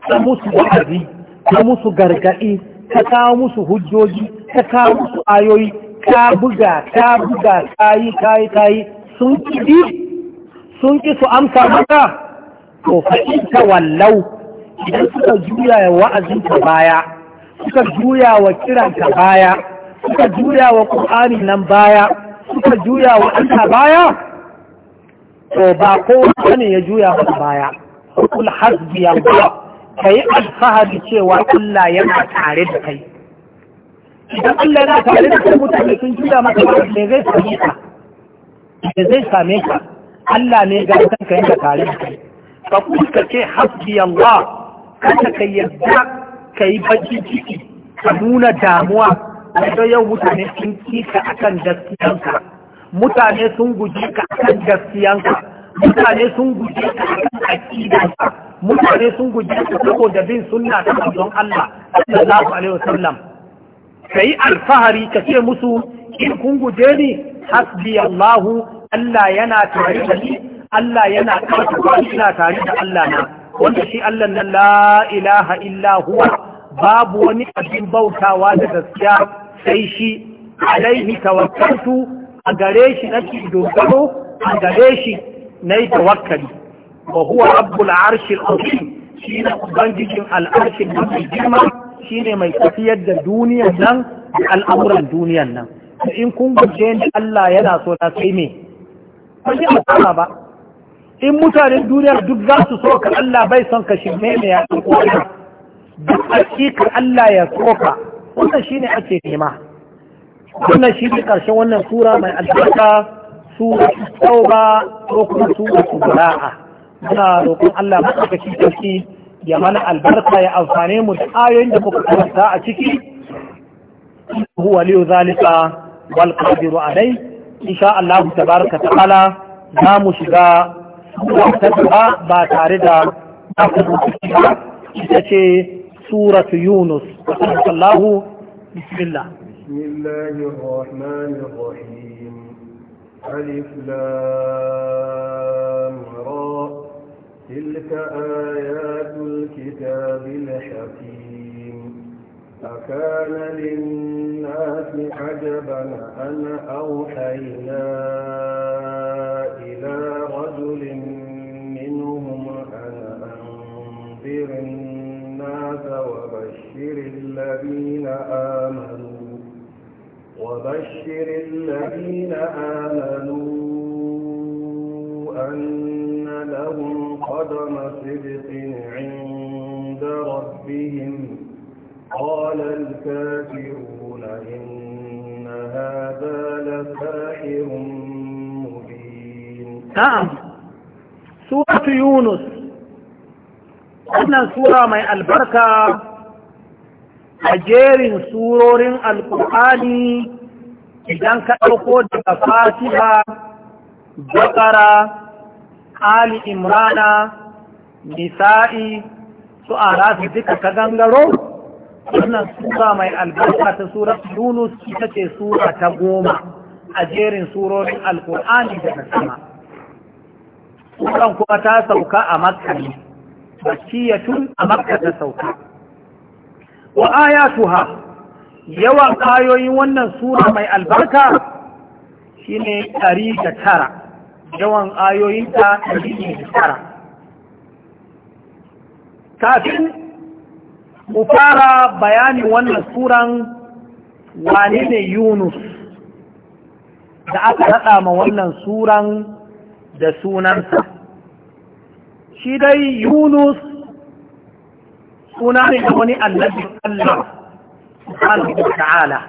ka musu wa'azi ka musu gargadi, ka kawo musu hujjoji ka kawo musu ayoyi ka buga ka buga kayi kayi kayi sun ki sun ki su amsa maka to fa in wallau idan suka juya ya wa'azin ta baya suka juya wa ka baya suka juya wa ƙur'ani nan baya suka juya wa Allah baya to ba ko wani ya juya wa baya kul hasbi Allah kai alfahari cewa Allah yana tare da kai idan Allah yana tare da kai mutane sun juya maka ba me zai same ka me zai same ka Allah ne ga kanka yana tare da kai fa kuka ce hasbi Allah kada ka yarda ka yi baki ciki ka nuna damuwa da yau mutane sun ci ka akan gaskiyanka mutane sun guji ka akan gaskiyanka mutane sun guji ka akan aqidanka mutane sun guji ka saboda bin sunna ta manzon Allah sallallahu alaihi wasallam kai alfahari ka ce musu in kun guje ni hasbi Allah Allah yana tare da ni Allah yana tare da ni ina tare da Allah na wanda shi Allah na la ilaha illa huwa babu wani abin bautawa da gaskiya sai shi alaihi tawakkaltu a gare shi nake dogaro a gare shi nayi tawakkali wa huwa rabbul arshil azim shi ne ubangijin al'arshin mafi girma shi ne mai tafiyar da duniyan nan al'amuran duniyan nan in kun guje ni Allah yana so na sai me ba ji a ba in mutanen duniyar duk za su so ka Allah bai son ka shirme ne ya ɗan duk hakika Allah ya soka wannan shine ake nema wannan ne ƙarshen wannan sura mai albarka sura tauba ko kuma sura tubara'a muna roƙon Allah madaukakin sarki ya mana albarka ya amfane mu da ayoyin da muka karanta a ciki huwa liyu zalika wal qadiru alai insha Allah tabaraka ta'ala za mu shiga sura ta ba tare da ita ce سورة يونس وقال الله بسم الله بسم الله الرحمن الرحيم ألف لام را تلك آيات الكتاب الحكيم أكان للناس عجبا أن أوحينا إلى رجل منهم أن أنذر وبشر الذين آمنوا وبشر الذين آمنوا أن لهم قدم صدق عند ربهم قال الكافرون إن هذا لساحر مبين نعم سورة يونس wannan sura mai albarka a jerin surorin alkur'ani idan ka ɗauko daga fatiha bakara ali imrana nisa'i su a rasu duka ka gangaro wannan sura mai albarka ta sura yunus ita ce sura ta goma a jerin surorin alkur'ani daga sama Sukan kuma ta sauka a makani makiyatun a makka sauka wa yawan ayoyin wannan sura mai albarka shine ɗari da tara yawan ayoyinta ɗari da tara kafin mu fara bayani wannan suran Wanene yunus da aka haɗa ma wannan suran da sunansa shi dai yunus suna ne da wani annabi Allah subhanahu wa ta'ala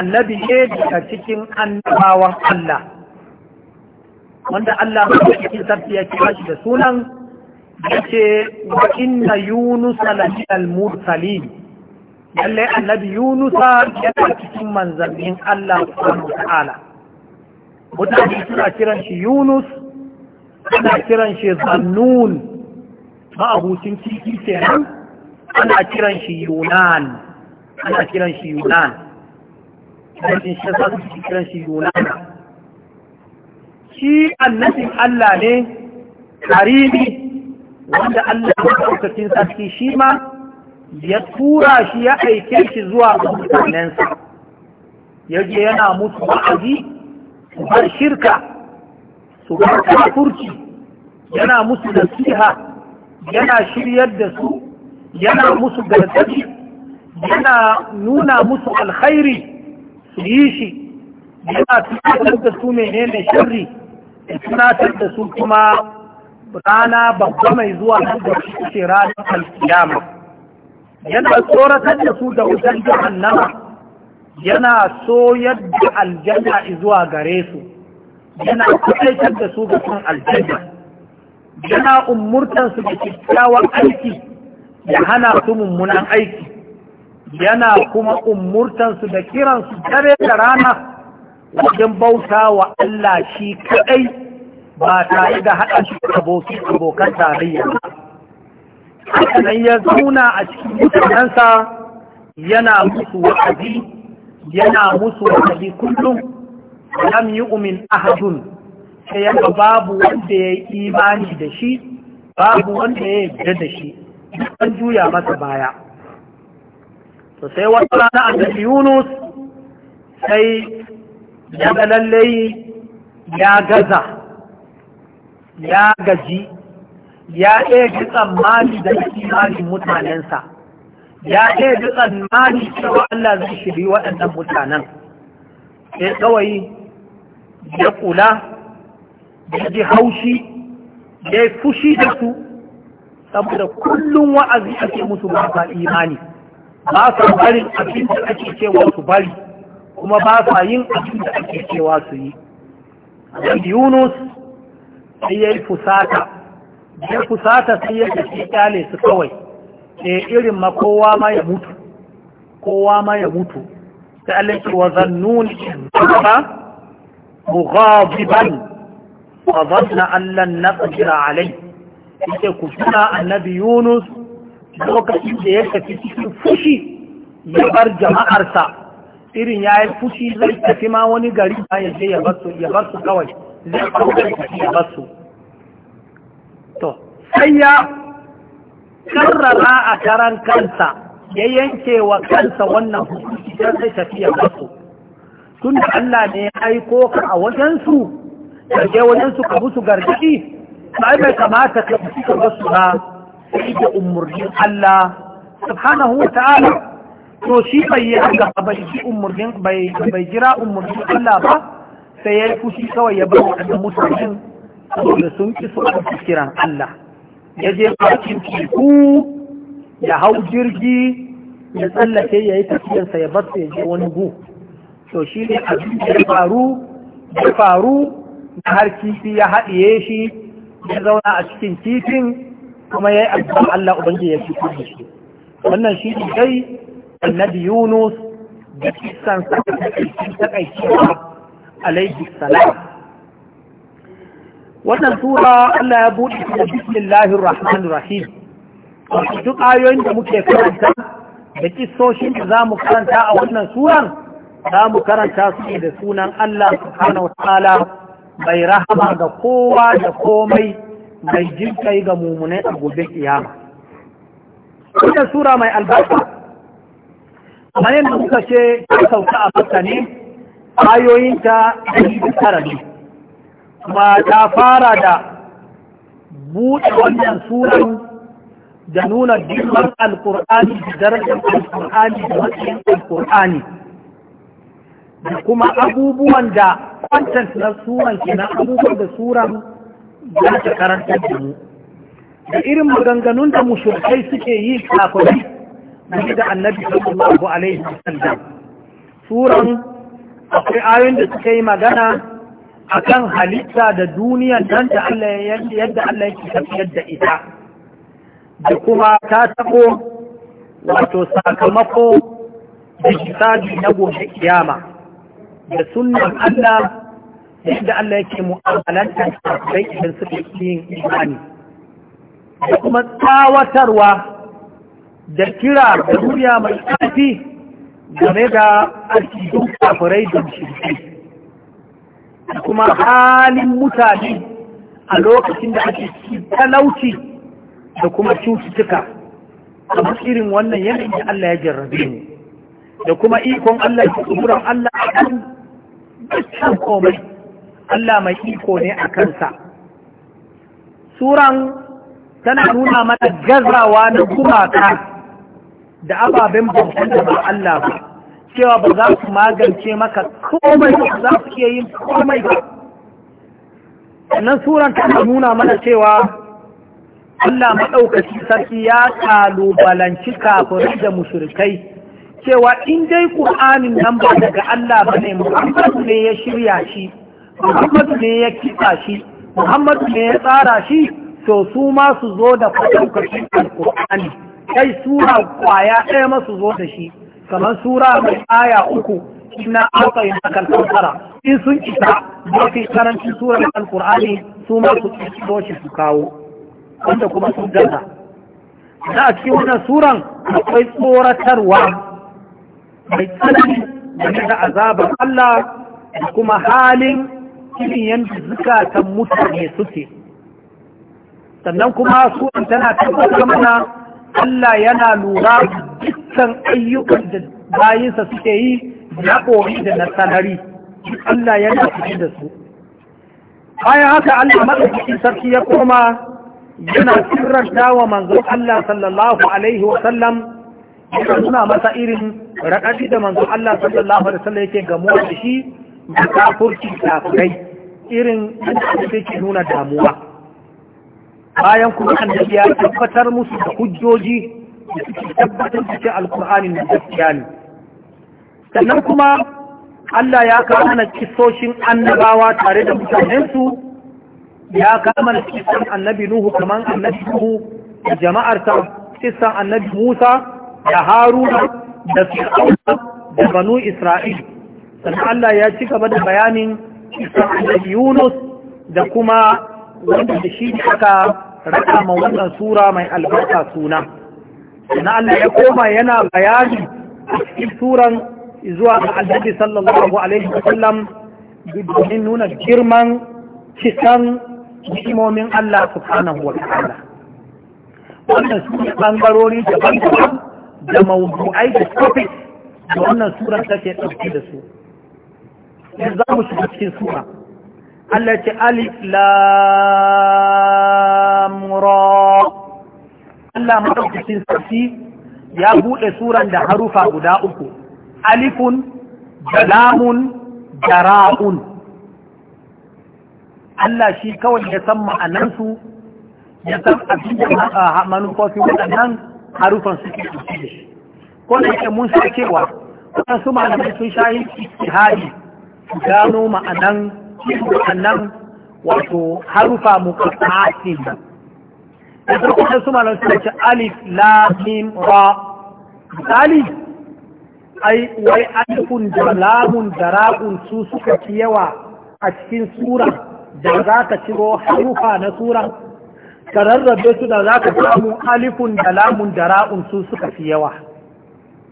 annabi ne daga cikin annabawan Allah wanda Allah ya cikin sarki ya kira shi da sunan yace wa inna yunus la minal mursalin lalle annabi yunus yana cikin manzannin Allah subhanahu wa ta'ala mutane suna kiran shi yunus ana kiran shi zannun kiki ke kenan ana kiran shi yunan ana kiran shi yunan yankin shi za su kiran shi yunan shi annasin Allah ne karibi wanda Allah ya ɗaukakin sarki shi ma ya tura shi ya aike shi zuwa mutanensa yake yana mutu wa'azi ba shirka su ga kafurci yana musu nasiha yana shiryar da su yana musu gargaɗi yana nuna musu alkhairi su yi shi yana tunatar da su menene shirri. da tunatar da su kuma rana babba mai zuwa su da ce ranar alkiyama yana tsoratar da su da wutar jahannama yana so yadda aljanna zuwa gare su yana kwaikar da su ga son aljanna yana umurtansu da kyakkyawan aiki ya hana su mummunan aiki yana kuma umurtansu da kiransu dare da rana wajen bauta wa Allah shi kadai ba tare da haɗa shi abokin abokan tarayya sannan ya zauna a cikin mutanensa yana musu wa'azi yana musu wa'azi kullum lam yu'min ahadun sai yanda babu wanda ya yi imani da shi babu wanda ya yarda da shi an juya masa baya to sai wata rana annabi Yunus sai ya ga lallai ya gaza ya gaji ya ɗaya ji tsammani da imanin mutanensa ya ɗaya ji tsammani cewa Allah zai shiri waɗannan mutanen sai kawai ya kula ya ji haushi ya yi fushi da su saboda kullum wa'azi ake musu ba sa imani ba sa barin abin da ake cewa su bari kuma ba sa yin abin da ake cewa su yi yunus sai ya yi fusata ya fusata sai ya tafi kyale su kawai ke irin ma kowa ma ya mutu kowa ma ya mutu sai Allah ce wa ne ba mughadiban fa dhanna an lan naqdir alayhi yace ku tuna annabi Yunus lokacin da ya tafi cikin fushi ya bar jama'arsa irin ya yi fushi zai tafi ma wani gari ba ya je ya kawai zai kawai tafi ya bar to sai ya karrara a karan kansa ya yanke wa kansa wannan hukunci don zai tafi ya bar tun da Allah ne ya aiko ka a wajensu ka je wajensu ka musu gargaɗi sai bai kamata ka fi ka wasu ba sai da umarnin Allah subhanahu wa ta'ala to shi bai yi haka ba bai ji umarnin bai jira umarnin Allah ba sai ya yi fushi kawai ya bar waɗannan mutanen da sun ki su a kiran Allah ya je bakin teku ya hau jirgi ya tsallake ya yi tafiyarsa ya bar ya je wani gu to shi ne abin da ya faru ya faru da har kifi ya haɗiye shi ya zauna a cikin kifin kuma ya yi addu'a Allah ubangiji ya fito da shi wannan shi ne dai annabi Yunus da kisan sa alaihi salam wannan sura Allah ya buɗe da bismillahir rahmanir rahim duk ayoyin da muke karanta da kissoshin da za mu karanta a wannan suran za mu karanta su da sunan Allah subhanahu wataala mai rahama ga kowa da komai mai jinkai ga mummunai a gobe kiyama wannan sura mai albarka kamar yadda muka ce ta sauka a makka ne ayoyinta ɗari da tara ne ta fara da buɗe wannan suran da nuna dimar alƙur'ani da darajar alƙur'ani da matsayin alƙur'ani da kuma abubuwan da kwantar na suran na abubuwan da suran za ta karanta da mu da irin maganganun da musulkai suke yi kafin da da annabi sallallahu alaihi wasallam suran akwai ayoyin da suka yi magana akan halitta da duniya nan da Allah yadda Allah yake tafiyar da ita da kuma ta tabo wato sakamako da na gobe kiyama da sunan Allah yadda Allah yake mu'amalanta sai idan suka yi yin imani da kuma tsawatarwa da kira da duniya mai ƙarfi game da alkidun kafirai da shirki da kuma halin mutane a lokacin da ake talauci da kuma cututtuka kamar irin wannan yanayin da Allah ya jarrabe ne da kuma ikon Allah da tsoron Allah a kan komai Allah mai iko ne a kansa suran tana nuna mana gazawa na gumaka da ababen bautan da ba Allah ba cewa ba za su magance maka komai ba za su iya yin komai ba sannan suran tana nuna mana cewa Allah maɗaukaci sarki ya kalubalanci kafin da mushrikai cewa in dai ƙur'anin nan ba daga Allah ba ne Muhammadu ne ya shirya shi Muhammadu ne ya kisa shi Muhammadu ne ya tsara shi to su ma su zo da kwatankwacin alƙur'ani kai sura kwaya ɗaya ma zo da shi kamar sura mai aya uku ina aka yi hakan in sun isa mafi karancin da alƙur'ani su ma su ƙirƙiro shi su kawo wanda kuma sun gaza da a cikin wannan suran akwai tsoratarwa mai tsanani game da azabar Allah da kuma halin irin yadda zukatan mutane suke sannan kuma suwan tana tabbatar mana Allah yana lura dukkan ayyukan da bayinsa suke yi na ƙori da na sanari Allah yana fiye da su bayan haka Allah maɗaukakin sarki ya koma yana sirranta wa manzon Allah sallallahu alaihi wa sallam yana suna masa irin raɗaɗi da manzo Allah sallallahu alaihi wasallam yake gamuwa da shi da kafurci kafurai irin yadda yake nuna damuwa bayan kuma annabi ya tabbatar musu da hujjoji da suke tabbatar da cewa alqur'ani na gaskiya ne sannan kuma Allah ya kawo kisoshin annabawa tare da mutanensu ya kawo na kisan annabi Nuhu kamar annabi Nuhu da jama'arsa kisan annabi Musa da haruna da fir'auna da banu isra'il sannan Allah ya ci gaba da bayanin da yunus da kuma wanda da shi aka raka ma wannan sura mai albarka suna sannan Allah ya koma yana bayani a cikin suran zuwa ga annabi sallallahu alaihi sallam, domin nuna girman cikan ni'imomin Allah subhanahu wa ta'ala wannan su ne bangarori daban-daban da mawudu'ai da topic da wannan surar take ɗauki da su za mu shiga cikin sura Allah ce Ali lam Allah madaukakin sarki ya buɗe suran da harufa guda uku alifun da lamun Allah shi kawai ya san ma'anansu ya san abin da manufofin waɗannan harufan suke ɗauki da shi ko da yake mun sa cewa waɗansu malamai sun sha yin ijtihadi su gano ma'anan waɗannan wato harufa muqattatin da su kuma su malamai suna ce alif lam ra misali ai wai alifun da lamun da ra'un su suka fi yawa a cikin sura da za ka ciro harufa na suran ka rarrabe su da za ka samu alifun da lamun da ra'un su suka fi yawa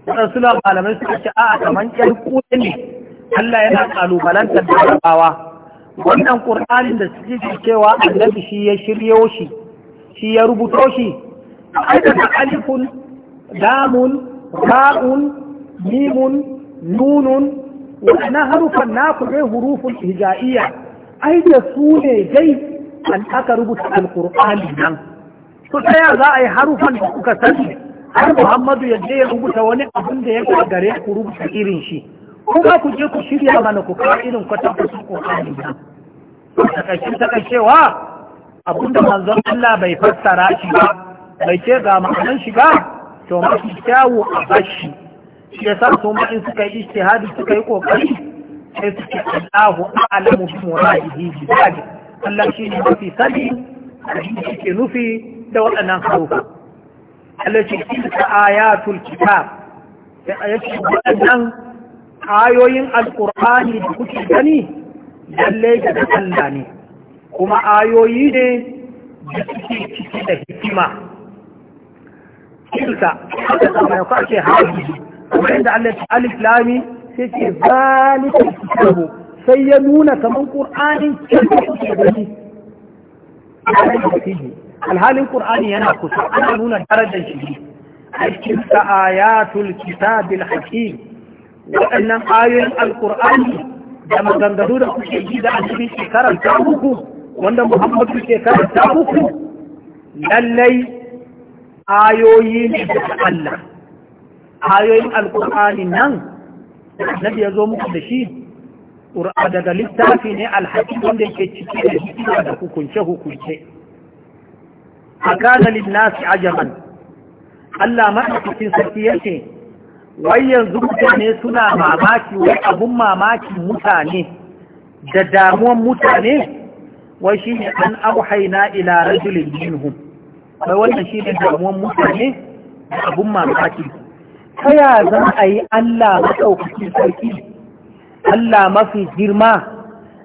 waɗansu na malamai suka ce a kaman 'yar kuɗi ne Allah yana ƙalubalantar da rabawa wannan ƙur'anin da suke cewa annabi shi ya shiryo shi shi ya rubuto shi ai alifun lamun ra'un mimun nunun waɗannan harufan naku dai hurufun hija'iyya ai da su ne dai an aka rubuta alkur'ani nan to ta za a yi harufan da kuka sani har muhammadu ya je ya rubuta wani abin da ya gare ku rubuta irin shi kuma ku je ku shirya mana ku kawo irin kwatankwacin ƙoƙari nan takaicin takaicewa da manzon Allah bai fassara shi ba bai ce ga ma'anan shi ba to mafi kyawu a bashi shi ya sa su ma'in suka yi ijtihadi suka yi ƙoƙari sai suke Allahu a'lamu bi muradihi bi Allah shi ne mafi sani da shi ke nufi da waɗannan haruka Allah shi ne ta ayatul kitab da ayatul waɗannan ayoyin alƙur'ani da kuke gani lalle da Allah ne kuma ayoyi ne da suke ciki da hikima tilka haka sama ya kwace haɗi kuma inda Allah ta alif lami sai ce zalika kitabu sai ya nuna kamar qur'anin alhalin ƙur'ani yana kusa ana nuna darajar shi a cikin ayatul kitabil hakim waɗannan ayoyin alqur'ani da maganganu da kuke yi da annabi ke karanta muku wanda muhammadu ke karanta muku lallai ayoyi ne daga Allah ayoyin alqur'ani nan annabi ya zo muku da shi ƙura daga littafi ne alhaki wanda yake ciki da hikima da hukunce-hukunce a kana linnasi jaman. Allah maɗaukacin sarki yake wai yanzu mutane suna mamaki wai abun mamakin mutane da damuwan mutane wai shi ne an auhaina ila rajulin minhum wai wannan shi ne damuwan mutane da abun mamaki ta ya za a yi Allah maɗaukacin sarki Allah mafi girma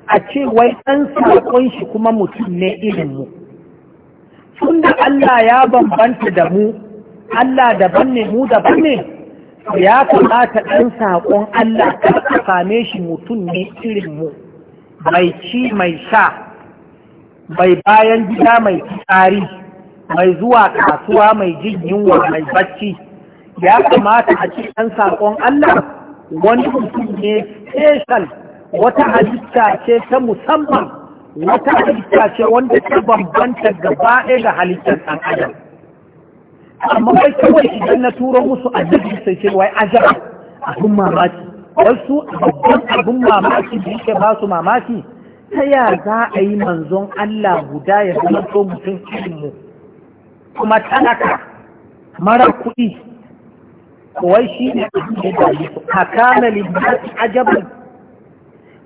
a ce wai ɗan saƙon shi kuma mutum ne mu. Tun da Allah ya bambanta da mu, Allah daban ne mu daban ne, ya kamata ɗan saƙon Allah ta same shi mutum ne irin mu. mai ci mai sha, mai bayan gida mai tsari, mai zuwa kasuwa mai jin yunwa mai bacci, ya kamata a ce ɗan saƙon Allah wani mutum ne special wata halitta ce ta musamman wata halitta ce wanda ta bambanta gaba ɗaya ga halittar ɗan adam amma kai kawai idan na turo musu ajabi sai ce wai ajaba mamaki wasu babban abin mamaki da yake ba su mamaki ta ya za a yi manzon Allah guda ya zama so mutum kuma talaka mara kuɗi wai shi ne a kama libbati ajaban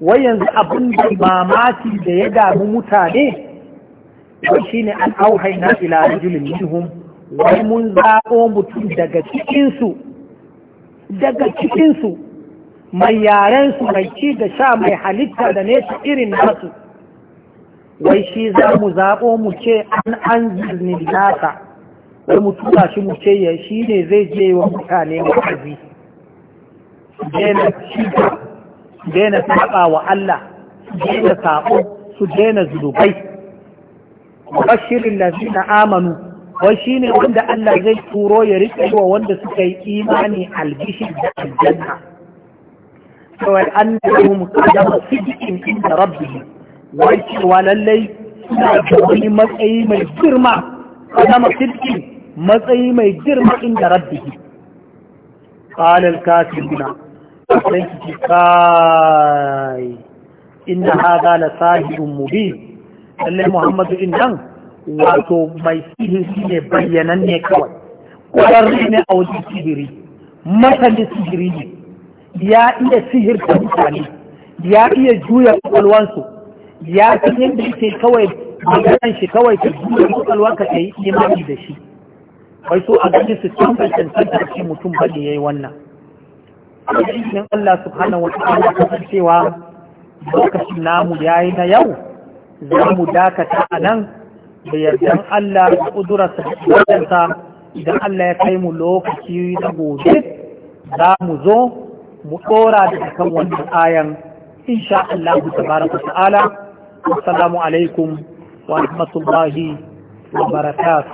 wai yanzu abin da mamaki da ya damu mutane wai shi ne an auhaina ila rajulin minhum wai mun zaɓo mutum daga cikinsu daga cikinsu mai yarensu mai ci da sha mai halitta da nesa irin nasu wai shi za mu zaɓo mu ce an an ni nasa sai mu tura shi mu ce ya shi ne zai je wa mutane wa'azi daina shiga daina saba wa Allah daina sabo su daina zunubai bashirin lazina amanu wai shi ne wanda Allah zai turo ya riƙe wa wanda suka yi imani albishir da aljanna kawai an nahum qadama sidqin inda rabbihim wai cewa lallai suna da wani matsayi mai girma qadama sidqin matsayi mai girma inda rabbi rabbihi qalal kafiruna sai ki kai inna hadha la sahibun mubin lalle muhammadu nan? wato mai shi ne bayyanan ne kawai kwararre ne a wajen sihiri masali sihiri ne ya iya sihirta mutane ya iya juya kwakwalwansu ya san yadda yake kawai maganan shi kawai ta juya kwakwalwanka ta yi imani da shi wai so a gani su can mutum ba ne ya yi wannan a cikin Allah subhanahu wa ta'ala cewa lokacin namu yayi na yau za mu dakata a nan da yardan Allah da kudurarsa da idan Allah ya kai mu lokaci na gobe za mu zo mu ɗora da kan wannan ayan insha Allah tabaraka ta'ala assalamu alaikum wa rahmatullahi wa barakatuh